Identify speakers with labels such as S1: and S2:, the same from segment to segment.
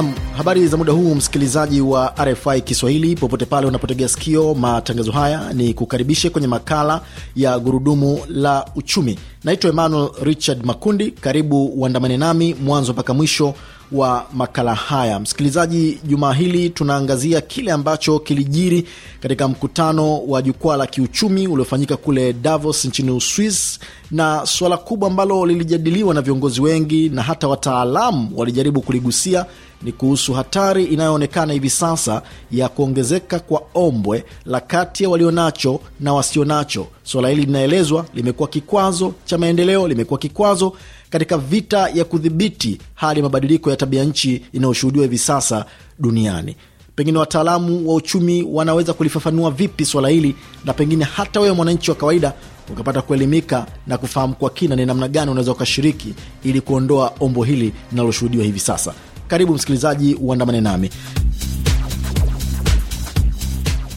S1: Nam, habari za muda huu msikilizaji wa RFI Kiswahili popote pale unapotegea sikio matangazo haya, ni kukaribishe kwenye makala ya gurudumu la uchumi. Naitwa Emmanuel Richard Makundi, karibu uandamane nami mwanzo mpaka mwisho wa makala haya. Msikilizaji, jumaa hili tunaangazia kile ambacho kilijiri katika mkutano wa jukwaa la kiuchumi uliofanyika kule Davos nchini Uswis, na suala kubwa ambalo lilijadiliwa na viongozi wengi na hata wataalamu walijaribu kuligusia ni kuhusu hatari inayoonekana hivi sasa ya kuongezeka kwa ombwe la kati ya walionacho na wasionacho. Suala hili linaelezwa limekuwa kikwazo cha maendeleo, limekuwa kikwazo katika vita ya kudhibiti hali ya mabadiliko ya tabia nchi inayoshuhudiwa hivi sasa duniani. Pengine wataalamu wa uchumi wanaweza kulifafanua vipi swala hili, na pengine hata wewe mwananchi wa kawaida ukapata kuelimika na kufahamu kwa kina ni namna gani unaweza ukashiriki ili kuondoa ombo hili linaloshuhudiwa hivi sasa. Karibu msikilizaji, uandamane nami.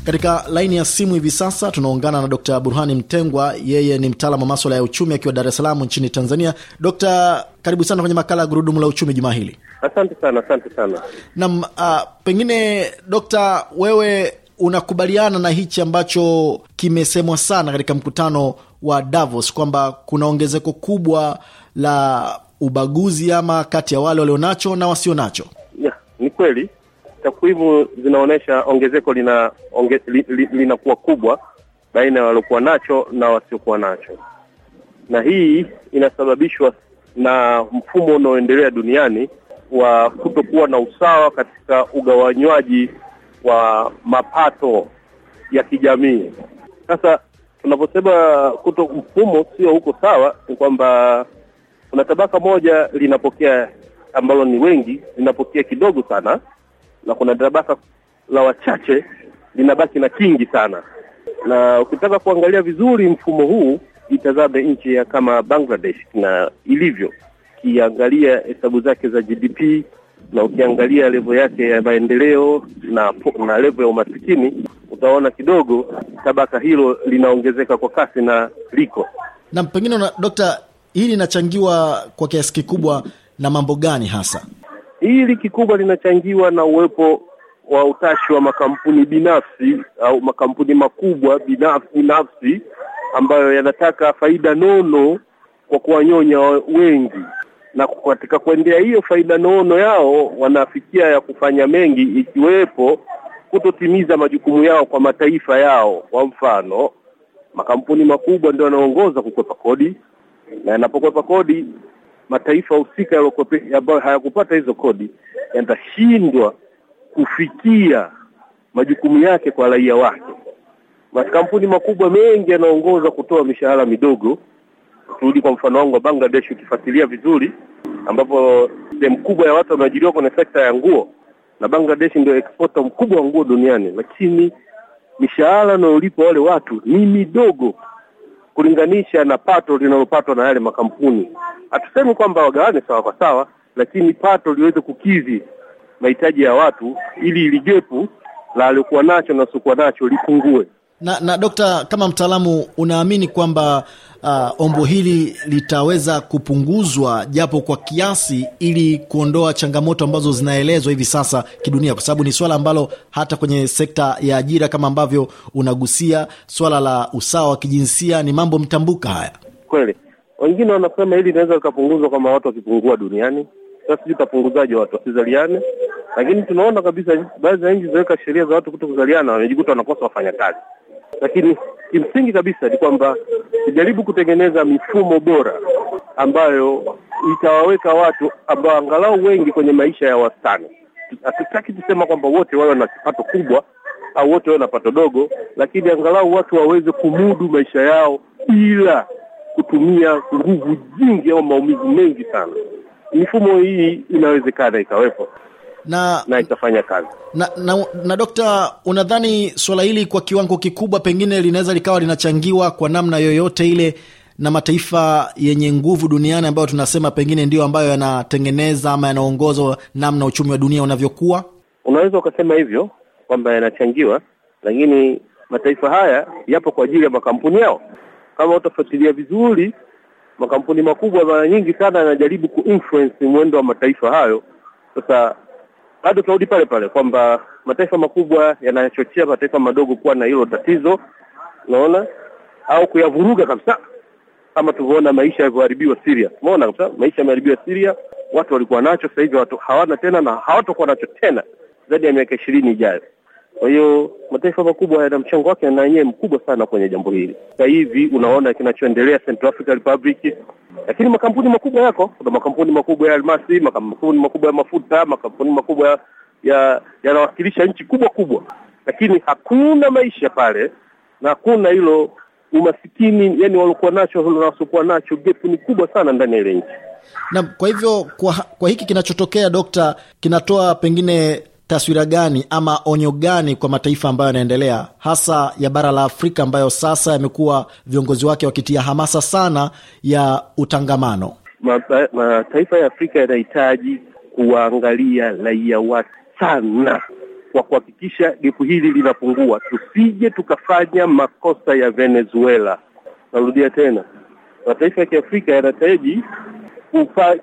S1: Katika laini ya simu hivi sasa tunaungana na Dr. Burhani Mtengwa, yeye ni mtaalamu wa maswala ya uchumi akiwa Dar es Salaam nchini Tanzania. Dokta, karibu sana kwenye makala ya gurudumu la uchumi jumaa hili.
S2: Asante sana. Asante sana.
S1: Naam, uh, pengine Dokta, wewe unakubaliana na hichi ambacho kimesemwa sana katika mkutano wa Davos kwamba kuna ongezeko kubwa la ubaguzi ama kati ya wale walionacho na wasionacho?
S2: Yeah, ni kweli takwimu zinaonyesha ongezeko lina onge, li, li, linakuwa kubwa baina ya waliokuwa nacho na wasiokuwa nacho, na hii inasababishwa na mfumo unaoendelea duniani wa kutokuwa na usawa katika ugawanywaji wa mapato ya kijamii. Sasa tunaposema kuto mfumo sio huko sawa, ni kwamba kuna tabaka moja linapokea ambalo ni wengi linapokea kidogo sana, na kuna darabasa la wachache linabaki na kingi sana, na ukitaka kuangalia vizuri mfumo huu, itazame nchi ya kama Bangladesh na ilivyo, ukiangalia hesabu zake za GDP na ukiangalia levo yake ya maendeleo na na levo ya umasikini, utaona kidogo tabaka hilo linaongezeka kwa kasi na liko
S1: na pengine. Dokta, hili linachangiwa kwa kiasi kikubwa na mambo gani hasa? Hili kikubwa linachangiwa na uwepo
S2: wa utashi wa makampuni binafsi au makampuni makubwa binafsi, binafsi ambayo yanataka faida nono kwa kuwanyonya wengi, na katika kuendea hiyo faida nono yao wanafikia ya kufanya mengi, ikiwepo kutotimiza majukumu yao kwa mataifa yao. Kwa mfano, makampuni makubwa ndio yanaongoza kukwepa kodi, na yanapokwepa kodi mataifa husika ambayo hayakupata hizo kodi yatashindwa kufikia majukumu yake kwa raia wake. Makampuni makubwa mengi yanaongoza kutoa mishahara midogo. Turudi kwa mfano wangu wa Bangladesh, ukifuatilia vizuri, ambapo sehemu kubwa ya watu wameajiriwa kwenye sekta ya nguo, na Bangladesh ndio ekspota mkubwa wa nguo duniani, lakini mishahara anayolipwa wale watu ni midogo kulinganisha na pato linalopatwa na yale makampuni. Hatusemi kwamba wagawane sawa kwa sawa, lakini pato liweze kukidhi mahitaji ya watu ili ligepu la aliokuwa nacho na siokuwa nacho lipungue
S1: na, na dokta, kama mtaalamu unaamini kwamba uh, ombo hili litaweza kupunguzwa japo kwa kiasi, ili kuondoa changamoto ambazo zinaelezwa hivi sasa kidunia, kwa sababu ni swala ambalo hata kwenye sekta ya ajira kama ambavyo unagusia swala la usawa wa kijinsia ni mambo mtambuka haya.
S2: Kweli wengine wanasema hili linaweza likapunguzwa kama watu wakipungua duniani. Sasa sijui utapunguzaje watu wasizaliane, lakini tunaona kabisa baadhi ya nchi zinaweka sheria za watu kuto kuzaliana, wamejikuta wanakosa wafanyakazi lakini kimsingi kabisa ni kwamba tujaribu kutengeneza mifumo bora ambayo itawaweka watu ambao angalau wengi kwenye maisha ya wastani. Hatutaki kusema kwamba wote wawe na kipato kubwa au wote wawe na pato dogo, lakini angalau watu waweze kumudu maisha yao bila kutumia nguvu nyingi au maumizi mengi sana. Mifumo hii inawezekana ikawepo na, na itafanya kazi
S1: na, na, na, na Dokta, unadhani suala hili kwa kiwango kikubwa pengine linaweza likawa linachangiwa kwa namna yoyote ile na mataifa yenye nguvu duniani ambayo tunasema pengine ndiyo ambayo yanatengeneza ama yanaongoza namna uchumi wa dunia unavyokuwa? Unaweza
S2: ukasema hivyo kwamba yanachangiwa, lakini mataifa haya yapo kwa ajili ya makampuni yao. Kama utafuatilia vizuri, makampuni makubwa mara nyingi sana yanajaribu kuinfluence mwendo wa mataifa hayo. Sasa bado tunarudi pale pale kwamba mataifa makubwa yanayochochea mataifa madogo kuwa na hilo tatizo, unaona, au kuyavuruga kabisa, kama tulivyoona maisha yalivyoharibiwa Syria. Umeona kabisa maisha yameharibiwa Syria, watu walikuwa nacho, sasa hivi watu hawana tena na hawatakuwa nacho tena zaidi ya miaka ishirini ijayo. Kwa hiyo mataifa makubwa yana mchango wake na yeye mkubwa sana kwenye jambo hili. Sasa hivi unaona kinachoendelea Central African Republic, lakini makampuni makubwa yako, kuna makampuni makubwa ya almasi, makampuni makubwa ya mafuta, makampuni makubwa ya yanawakilisha nchi kubwa kubwa, lakini hakuna maisha pale na hakuna hilo umasikini, yani waliokuwa nacho na wasiokuwa nacho, gap ni kubwa sana ndani ya ile nchi.
S1: Na kwa hivyo kwa, kwa hiki kinachotokea dokta, kinatoa pengine taswira gani ama onyo gani kwa mataifa ambayo yanaendelea hasa ya bara la Afrika ambayo sasa yamekuwa viongozi wake wakitia hamasa sana ya utangamano?
S2: Mataifa ya Afrika yanahitaji kuwaangalia raia wake sana kwa kuhakikisha gepu hili linapungua, tusije tukafanya makosa ya Venezuela. Narudia tena, mataifa ya Kiafrika yanahitaji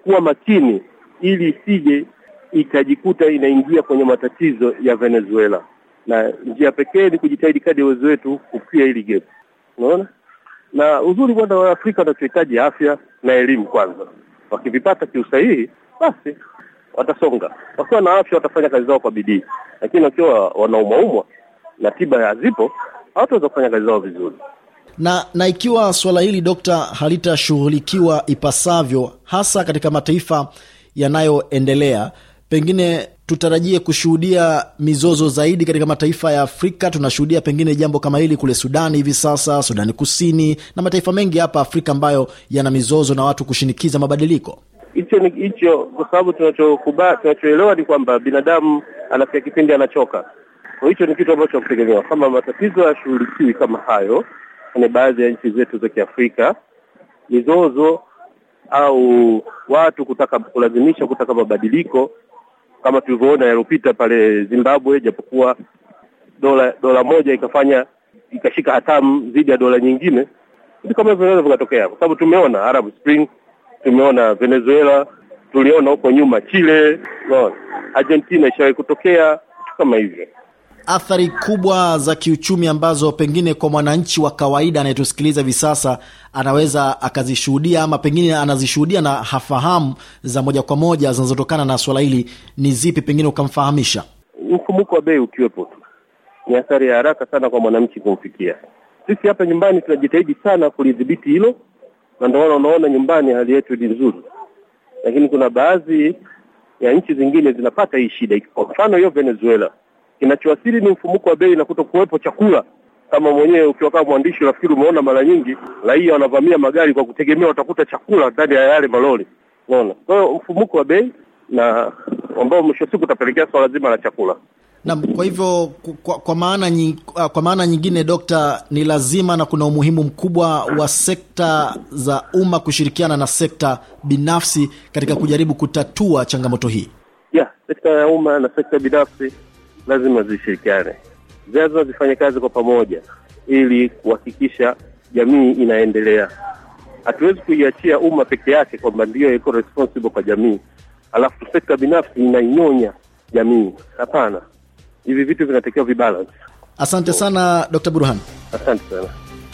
S2: kuwa makini ili isije ikajikuta inaingia kwenye matatizo ya Venezuela, na njia pekee ni kujitahidi kadi uwezo wetu kupia hili gap. Unaona, na uzuri bwana wa Afrika wanachohitaji afya na elimu kwanza. Wakivipata kiusahihi, basi watasonga. Wakiwa na afya, watafanya kazi zao kwa bidii, lakini wakiwa wanaumwaumwa na tiba hazipo, hawataweza kufanya kazi zao vizuri
S1: na na ikiwa suala hili dokta, halitashughulikiwa ipasavyo, hasa katika mataifa yanayoendelea, pengine tutarajie kushuhudia mizozo zaidi katika mataifa ya Afrika. Tunashuhudia pengine jambo kama hili kule Sudani hivi sasa, Sudani Kusini na mataifa mengi hapa Afrika ambayo yana mizozo na watu kushinikiza mabadiliko.
S2: Hicho ni hicho, kwa sababu tunachoelewa ni kwamba binadamu anafika kipindi anachoka. Kwa hicho ni kitu ambacho kutegemewa kama matatizo yashughulikiwi kama hayo kwenye baadhi ya nchi zetu za Kiafrika, mizozo au watu kutaka kulazimisha kutaka mabadiliko kama tulivyoona yaliyopita pale Zimbabwe, japokuwa dola dola moja ikafanya ikashika hatamu dhidi ya dola nyingine. Vitu kama hivyo vinaweza vikatokea, kwa sababu tumeona Arab Spring, tumeona Venezuela, tuliona huko nyuma Chile, Argentina ishawahi kutokea, kama hivyo
S1: athari kubwa za kiuchumi ambazo pengine kwa mwananchi wa kawaida anayetusikiliza hivi sasa anaweza akazishuhudia ama pengine anazishuhudia na hafahamu za moja kwa moja zinazotokana na swala hili ni zipi? Pengine ukamfahamisha.
S2: Mfumuko wa bei ukiwepo tu ni athari ya haraka sana kwa mwananchi kumfikia. Sisi hapa nyumbani tunajitahidi sana kulidhibiti hilo, na ndio maana unaona nyumbani hali yetu ni nzuri, lakini kuna baadhi ya nchi zingine zinapata hii shida. Kwa mfano hiyo Venezuela Kinachoathiri ni mfumuko wa bei na kutokuwepo chakula. Kama mwenyewe ukiwa kama mwandishi, nafikiri umeona mara nyingi raia wanavamia magari kwa kutegemea watakuta chakula ndani ya yale malori, unaona. Kwa hiyo mfumuko wa bei na ambao mwisho siku utapelekea swala zima la chakula.
S1: Na kwa hivyo kwa, kwa maana ah, kwa maana nyingine Dokta, ni lazima na kuna umuhimu mkubwa wa sekta za umma kushirikiana na sekta binafsi katika kujaribu kutatua changamoto hii.
S2: Yeah, sekta ya umma na sekta binafsi lazima zishirikiane, lazima zifanye kazi kwa pamoja ili kuhakikisha jamii inaendelea. Hatuwezi kuiachia umma peke yake kwamba ndiyo iko responsible kwa jamii, alafu sekta binafsi inainyonya jamii. Hapana, hivi vitu vinatakiwa vibalance.
S1: Asante sana Dr. Burhan. Asante sana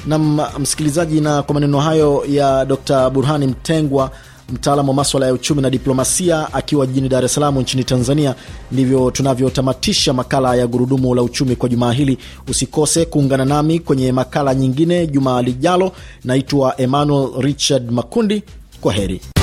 S1: nam msikilizaji, na kwa maneno hayo ya Dr. Burhani Mtengwa mtaalamu wa maswala ya uchumi na diplomasia, akiwa jijini Dar es Salaam nchini Tanzania. Ndivyo tunavyotamatisha makala ya gurudumu la uchumi kwa jumaa hili. Usikose kuungana nami kwenye makala nyingine jumaa lijalo. Naitwa Emmanuel Richard Makundi. Kwa heri.